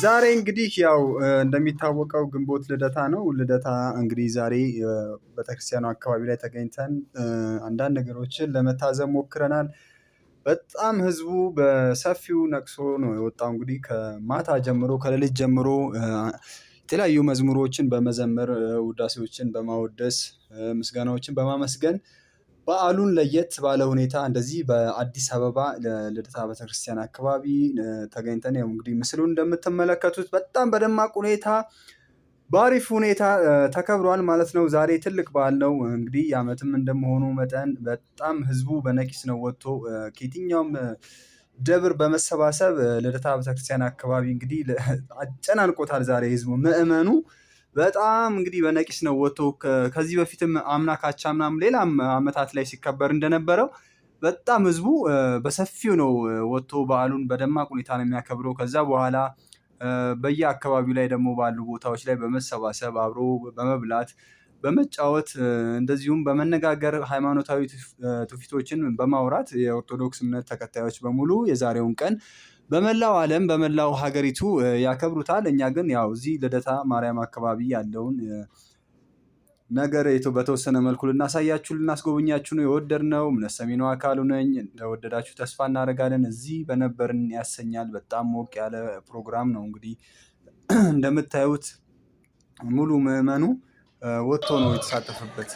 ዛሬ እንግዲህ ያው እንደሚታወቀው ግንቦት ልደታ ነው። ልደታ እንግዲህ ዛሬ ቤተክርስቲያኑ አካባቢ ላይ ተገኝተን አንዳንድ ነገሮችን ለመታዘብ ሞክረናል። በጣም ህዝቡ በሰፊው ነቅሶ ነው የወጣው። እንግዲህ ከማታ ጀምሮ ከሌሊት ጀምሮ የተለያዩ መዝሙሮችን በመዘመር ውዳሴዎችን በማወደስ ምስጋናዎችን በማመስገን በዓሉን ለየት ባለ ሁኔታ እንደዚህ በአዲስ አበባ ልደታ ቤተክርስቲያን አካባቢ ተገኝተን ያው እንግዲህ ምስሉን እንደምትመለከቱት በጣም በደማቅ ሁኔታ በአሪፍ ሁኔታ ተከብሯል ማለት ነው። ዛሬ ትልቅ በዓል ነው እንግዲህ የዓመትም እንደመሆኑ መጠን በጣም ህዝቡ በነቂስ ነው ወጥቶ ከየትኛውም ደብር በመሰባሰብ ልደታ ቤተክርስቲያን አካባቢ እንግዲህ አጨናንቆታል ዛሬ ህዝቡ ምዕመኑ በጣም እንግዲህ በነቂስ ነው ወጥቶ ከዚህ በፊትም አምና ምናም ሌላም አመታት ላይ ሲከበር እንደነበረው በጣም ህዝቡ በሰፊው ነው ወጥቶ በዓሉን በደማቅ ሁኔታ ነው የሚያከብረው። ከዛ በኋላ በየአካባቢው ላይ ደግሞ ባሉ ቦታዎች ላይ በመሰባሰብ አብሮ በመብላት በመጫወት እንደዚሁም በመነጋገር ሃይማኖታዊ ትውፊቶችን በማውራት የኦርቶዶክስ እምነት ተከታዮች በሙሉ የዛሬውን ቀን በመላው ዓለም በመላው ሀገሪቱ ያከብሩታል። እኛ ግን ያው እዚህ ልደታ ማርያም አካባቢ ያለውን ነገር በተወሰነ መልኩ ልናሳያችሁ ልናስጎብኛችሁ ነው የወደድነው። እምነት ሰሜኑ አካሉ ነኝ። እንደወደዳችሁ ተስፋ እናደርጋለን። እዚህ በነበርን ያሰኛል። በጣም ሞቅ ያለ ፕሮግራም ነው። እንግዲህ እንደምታዩት ሙሉ ምዕመኑ ወጥቶ ነው የተሳተፈበት።